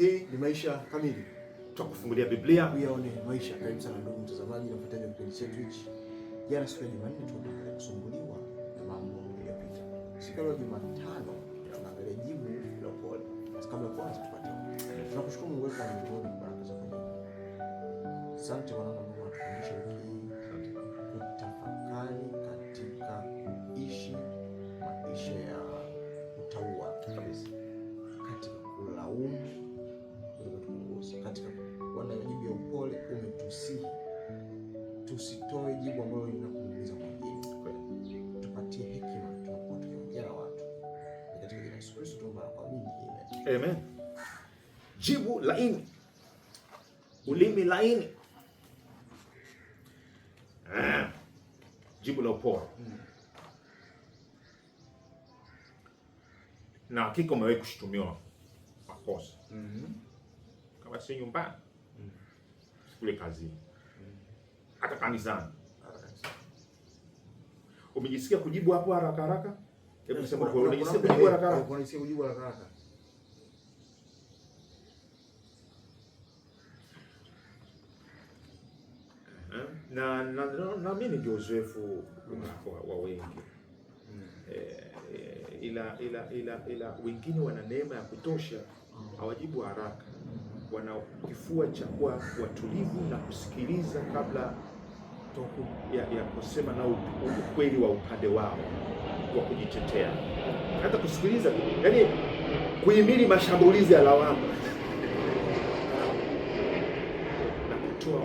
Hii ni Maisha Kamili, tutakufungulia Biblia uyaone maisha. Karibu sana ndugu mtazamaji na mfuatiliaji wa kipindi chetu hichi. Jana siku ya Jumanne tunaangalia kusumbuliwa na mambo yaliyopita. Siku ya Jumatano tunaangalia jibu la upole. Kabla ya kwanza tupate, tunakushukuru Mungu kwa wetu kwa baraka zako nyingi. Asante kwa namna atufundishe wiki hii Amen. Jibu laini, ulimi laini, ah, jibu la upole hmm. Na hakika umewahi kushutumiwa makosa mm -hmm. Kama si nyumbani mm -hmm. Kule kazini mm hata -hmm. Kanisani umejisikia kujibu hapo haraka haraka, hebu sema eh, kujibu haraka haraka na naamini na, na ndio uzoefu wa, wa wengi mm. ila, ila, ila, ila wengine wana neema ya kutosha, hawajibu haraka, wana kifua cha kuwa watulivu na kusikiliza kabla ya, ya kusema na ukweli wa upande wao wa kujitetea, hata kusikiliza, yaani kuhimili mashambulizi ya lawama na kutoa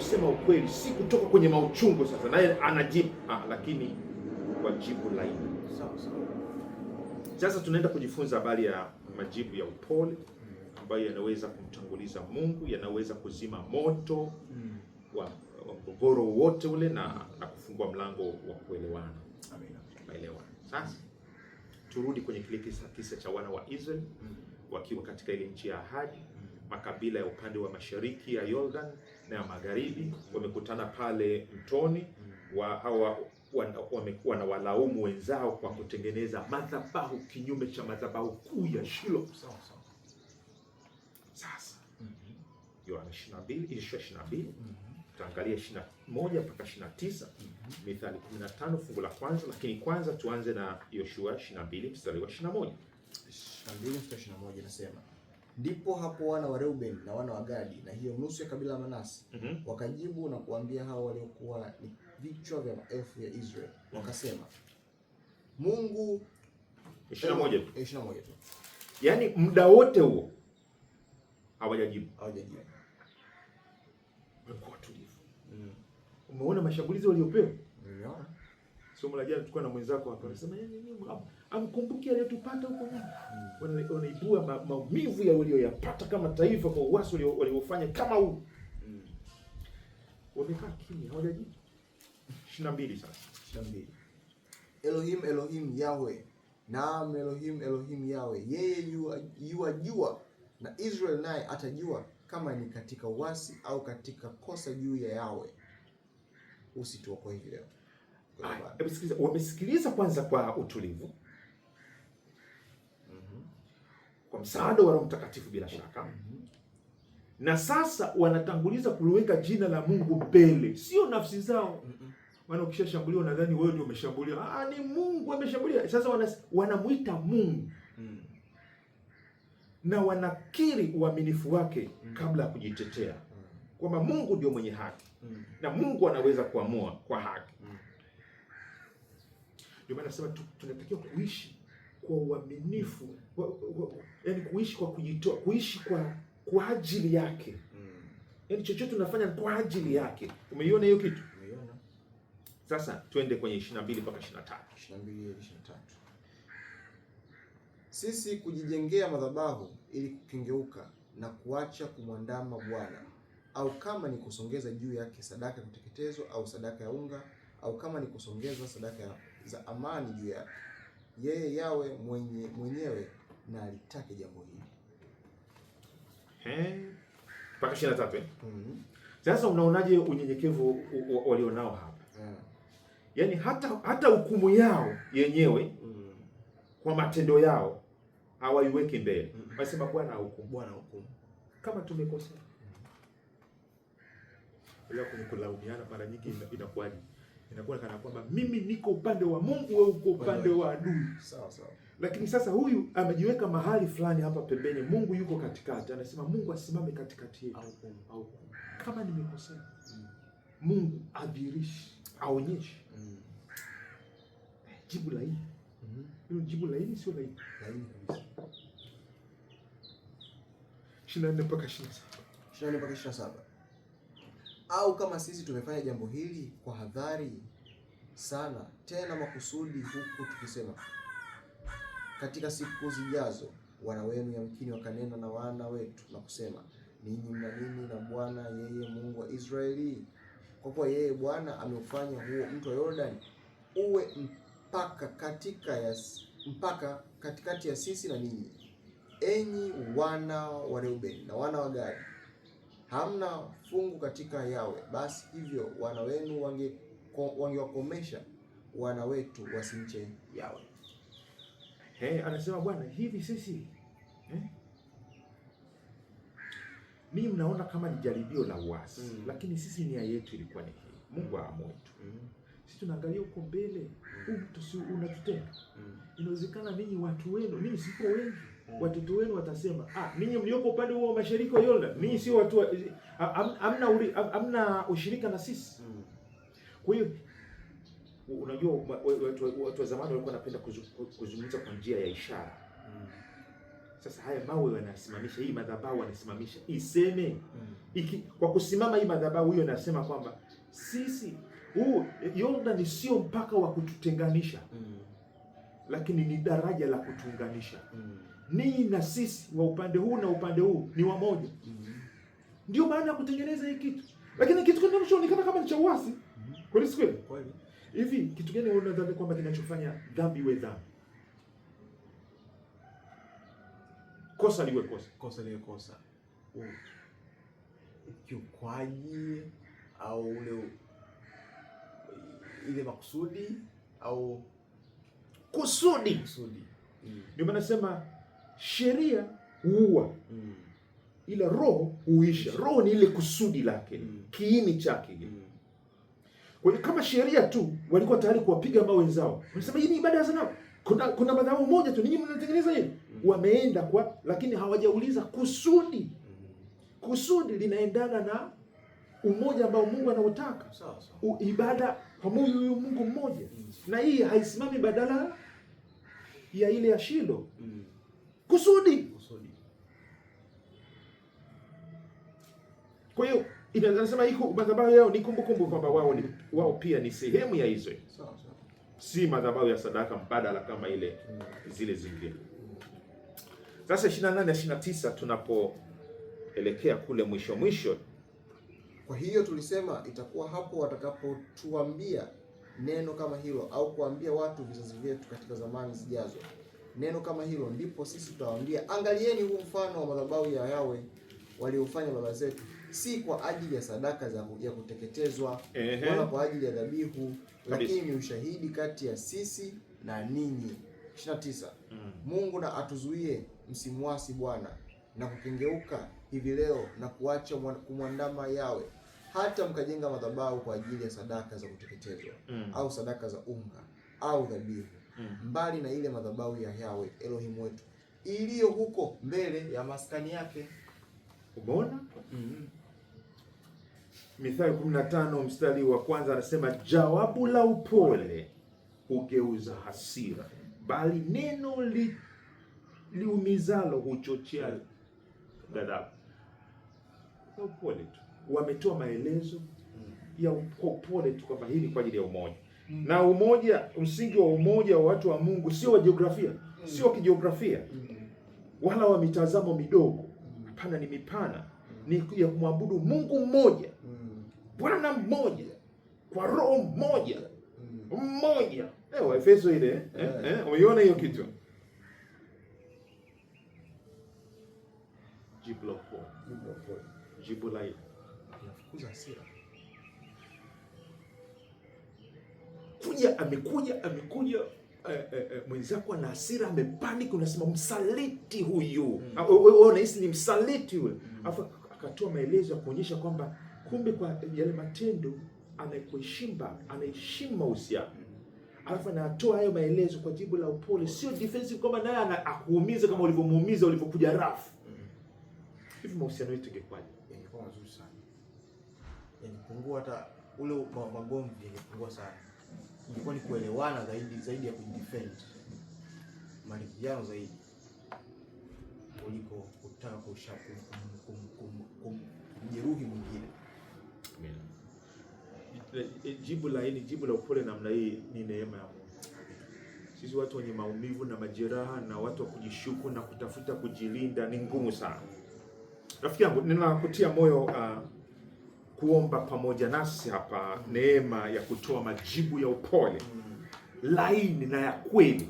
kusema ukweli, si kutoka kwenye mauchungu. Sasa naye anajibu ah, lakini kwa jibu laini. Sasa tunaenda kujifunza habari ya majibu ya upole ambayo yanaweza kumtanguliza Mungu, yanaweza kuzima moto hmm. wa mgogoro wote ule na, na kufungua mlango wa kuelewana. Naelewana. Sasa turudi kwenye kile kisa, kisa cha wana wa Israeli hmm. wakiwa katika ile nchi ya ahadi makabila ya upande wa mashariki ya Jordan na ya magharibi wamekutana pale mtoni, wa hawa wamekuwa na walaumu wenzao kwa kutengeneza madhabahu kinyume cha madhabahu kuu ya Shilo. Sasa mhm. Yohana 22 mhm. tutaangalia 21 mpaka 29, mhm. Mithali 15 fungu la kwanza, lakini kwanza tuanze na Yoshua 22 mstari wa 21. 22 mstari wa 21 nasema Ndipo hapo wana wa Reuben na wana wa Gadi na hiyo nusu ya kabila la mm -hmm. wakajibu na kuambia hao waliokuwa ni vichwa vya maelfu ya Israeli wakasema, Mungu 21 21 tu, eh, yani muda wote huo hawajajibu, hawajajibu, walikuwa tulivu mm. Umeona mashambulizi waliopewa, umeona somo la jana, tulikuwa na mwenzako hapa anasema, yaani nini hapo amkumbuke aliyotupata huko nyuma. Wanaibua ma, maumivu ya walioyapata kama taifa kwa uwasi waliofanya kama huu. Wamekaa kimya, hawajajibu. ishirini na mbili sasa. Elohim Elohim Yahweh naam Elohim Elohim Yahweh yeye yua jua na Israel naye atajua kama ni katika uasi au katika kosa juu ya yawe Usituokoe hivi leo. Wamesikiliza kwanza kwa utulivu kwa msaada wa Roho Mtakatifu bila shaka mhm. na sasa wanatanguliza kuliweka jina la Mungu mbele, sio nafsi zao. Mhm. Maana ukishashambuliwa nadhani wewe ndio umeshambuliwa. Ah, ni Mungu ameshambulia. Sasa wanamuita Mungu mhm. na wanakiri uaminifu wake kabla ya kujitetea kwamba Mungu ndio mwenye haki na Mungu anaweza kuamua kwa haki. Ndio maana nasema tunatakiwa kuishi kwa uaminifu, yani kuishi kwa kujitoa, kuishi kwa kwa ajili yake mm. Yani chochote tunafanya kwa ajili yake. Umeiona hiyo kitu? Umeiona. Sasa twende kwenye 22 mpaka 23. 22 hadi 23. Sisi kujijengea madhabahu ili kukengeuka na kuacha kumwandama Bwana, au kama ni kusongeza juu yake sadaka ya kuteketezwa au sadaka ya unga, au kama ni kusongeza sadaka za amani juu yake yeye yawe mwenye mwenyewe na alitake jambo hili. Eh, mpaka ishirini na tatu. Mm. Sasa unaonaje unyenyekevu walionao hapa? Yeah. Yaani hata hata hukumu yao yenyewe mm. kwa matendo yao hawaiweki mbele. Mm. Wanasema Bwana hukumu, Bwana hukumu. Kama tumekosea. Mm. Bila kulaumiana mara nyingi inakuwaje? inakuwa kana kwamba mimi niko upande wa Mungu, wewe uko upande wa adui. Sawa sawa. Lakini sasa huyu amejiweka mahali fulani hapa pembeni, Mungu yuko katikati. Anasema Mungu asimame katikati yetu, au kama nimekosea, mm. Mungu adhirishi aonyeshe mm. jibu hili mm mm-hmm. hilo -hmm. jibu hili sio la hili ishirini na nne mpaka ishirini na saba ishirini na nne mpaka ishirini na saba au kama sisi tumefanya jambo hili kwa hadhari sana tena makusudi, huku tukisema katika siku zijazo wana wenu yamkini wakanena na wana wetu na kusema, ninyi mna nini na Bwana yeye Mungu wa Israeli? Kwa kuwa yeye Bwana ameufanya huo mto wa Yordani uwe mpaka katika ya, mpaka katikati ya sisi na ninyi, enyi wana wa Reubeni na wana wa Gadi hamna fungu katika yawe, basi hivyo wana wenu wangewakomesha wange wana wetu wasimche yawe. Hey, anasema Bwana hivi sisi eh? Mimi mnaona kama ni jaribio la uasi mm. Lakini sisi nia yetu ilikuwa ni hii, Mungu aamue tu mm tunaangalia huko mbele mm. um, unatutenda unatutenga. Mm. Inawezekana ninyi watu wenu, mimi sipo wengi mm. Watoto wenu watasema ah, ninyi mlioko upande huo wa mashariki wa Yorda, ninyi sio watu, hamna hamna ushirika na sisi Kwa hiyo unajua watu, watu wa zamani walikuwa wanapenda kuzungumza kwa njia ya ishara Sasa haya mawe wanasimamisha, hii madhabahu wanasimamisha iseme Iki, kwa kusimama hii madhabahu hiyo nasema kwamba sisi huu Yordani sio mpaka wa kututenganisha mm. lakini ni daraja la kutuunganisha mm. ninyi na sisi, wa upande huu na upande huu ni wamoja mm. ndio maana ya kutengeneza hii kitu, lakini kitu kinachoonekana kama ni cha uasi mm. kweli si kweli? Hivi kitu gani unadhani kwamba kinachofanya dhambi iwe dhambi, kosa liwe kosa, kosa liwe kosa, ukiukwaji au ule ile makusudi au kusudi, kusudi. Mm. Ndio maana nasema sheria huua mm. ila roho huisha. Roho ni ile kusudi lake mm. kiini chake mm. Kwa hiyo kama sheria tu walikuwa tayari kuwapiga ambao wenzao wanasema hii ni ibada ya sanamu. Kuna kuna madhabahu moja tu ninyi mnatengeneza hivi mm. wameenda kwa, lakini hawajauliza kusudi mm. kusudi linaendana na umoja ambao Mungu anautaka ibada pamoja huyu Mungu mmoja mm. na hii haisimami badala ya ile ya Shilo mm. kusudi. Kusudi kwa hiyo inasema iko madhabahu yao ni kumbukumbu kwamba wao ni wao pia ni sehemu ya Israeli, si madhabahu ya sadaka mbadala kama ile mm. zile zingine. Sasa 28 na 29 tunapoelekea kule mwisho mwisho kwa hiyo tulisema itakuwa hapo watakapotuambia neno kama hilo au kuambia watu vizazi vyetu katika zamani zijazo neno kama hilo, ndipo sisi tutawaambia angalieni huu mfano wa madhabahu ya Yawe waliofanya baba zetu, si kwa ajili ya sadaka za ya kuteketezwa wala kwa ajili ya dhabihu, lakini ni ushahidi kati ya sisi na ninyi. 29 mm. Mungu na atuzuie msimwasi Bwana na kukengeuka hivi leo na kuacha kumwandama Yawe hata mkajenga madhabahu kwa ajili ya sadaka za kuteketezwa mm. au sadaka za unga au dhabihu mm. mbali na ile madhabahu ya Yahwe Elohim wetu iliyo huko mbele ya maskani yake. Umeona? mm. Mithali 15 mstari wa kwanza anasema, jawabu la upole hugeuza hasira, bali neno li, liumizalo huchochea ghadhabu. Upole tu wametoa maelezo ya kwa upole tu kwamba hili kwa ajili ya umoja mm. na umoja, msingi wa umoja wa watu wa Mungu sio wa jiografia mm. sio wa kijiografia mm. wala wa mitazamo midogo, mm. hapana mm. ni mipana mm. ni ya kumwabudu Mungu mmoja mm. Bwana mmoja kwa roho mmoja mm. mmoja. Eh, Efeso ile eh, yeah. eh, umeiona hiyo kitu jibu la jibu la inafukuza hasira. Kuja amekuja amekuja eh, eh, eh, mwenzako ana hasira, amepanic, unasema msaliti huyu mm. Ah, unahisi ni msaliti yule mm. Afa akatoa maelezo ya kuonyesha kwamba kumbe kwa yale matendo anakuheshima, anaheshima mahusiano mm. alafu anatoa hayo maelezo kwa jibu la upole, mm. sio defensive kwamba naye akuumize kama ulivyomuumiza ulivyokuja rafu mm. hivi. Mahusiano yetu ingekuwaje? Ingekuwa mazuri sana yalipungua, hata ule magomvi yalipungua sana. Ilikuwa ni kuelewana zaidi zaidi ya kujidefend, maridhiano zaidi kuliko kutaka kusha kumjeruhi mwingine. Jibu la hili jibu la upole namna hii ni neema ya Mungu. Sisi watu wenye maumivu na majeraha na watu wa kujishuku na kutafuta kujilinda ni ngumu sana. Rafiki yangu ninakutia moyo uh, kuomba pamoja nasi hapa mm. neema ya kutoa majibu ya upole mm. laini na ya kweli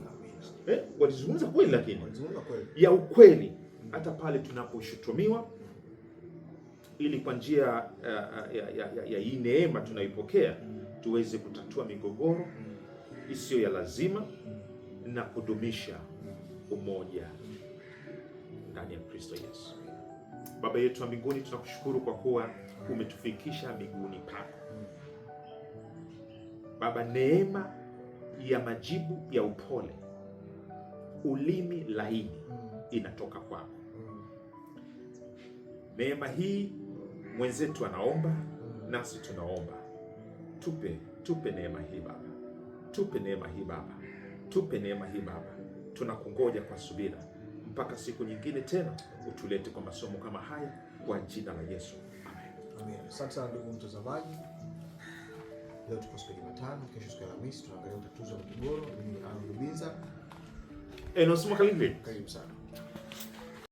eh, walizungumza kweli, lakini ya ukweli mm. hata pale tunaposhutumiwa, ili kwa njia eh, eh, ya hii neema tunaipokea tuweze kutatua migogoro isiyo ya lazima na kudumisha umoja ndani ya Kristo Yesu. Baba yetu wa mbinguni, tunakushukuru kwa kuwa umetufikisha miguuni pako Baba. Neema ya majibu ya upole, ulimi laini inatoka kwako. Neema hii mwenzetu anaomba, nasi tunaomba. Tupe, tupe neema hii Baba, tupe neema hii Baba, tupe neema hii Baba. Tunakungoja kwa subira mpaka siku nyingine tena utulete kwa masomo kama haya kwa jina la Yesu. Amen. Amen. Asante sana ndugu mtazamaji. Leo tuko siku ya Jumatano, kesho siku ya Alhamisi tunaangalia utatuzi wa migogoro. Mimi ni Aaron Rubinza. Enos Mwakalinde. Karibu sana.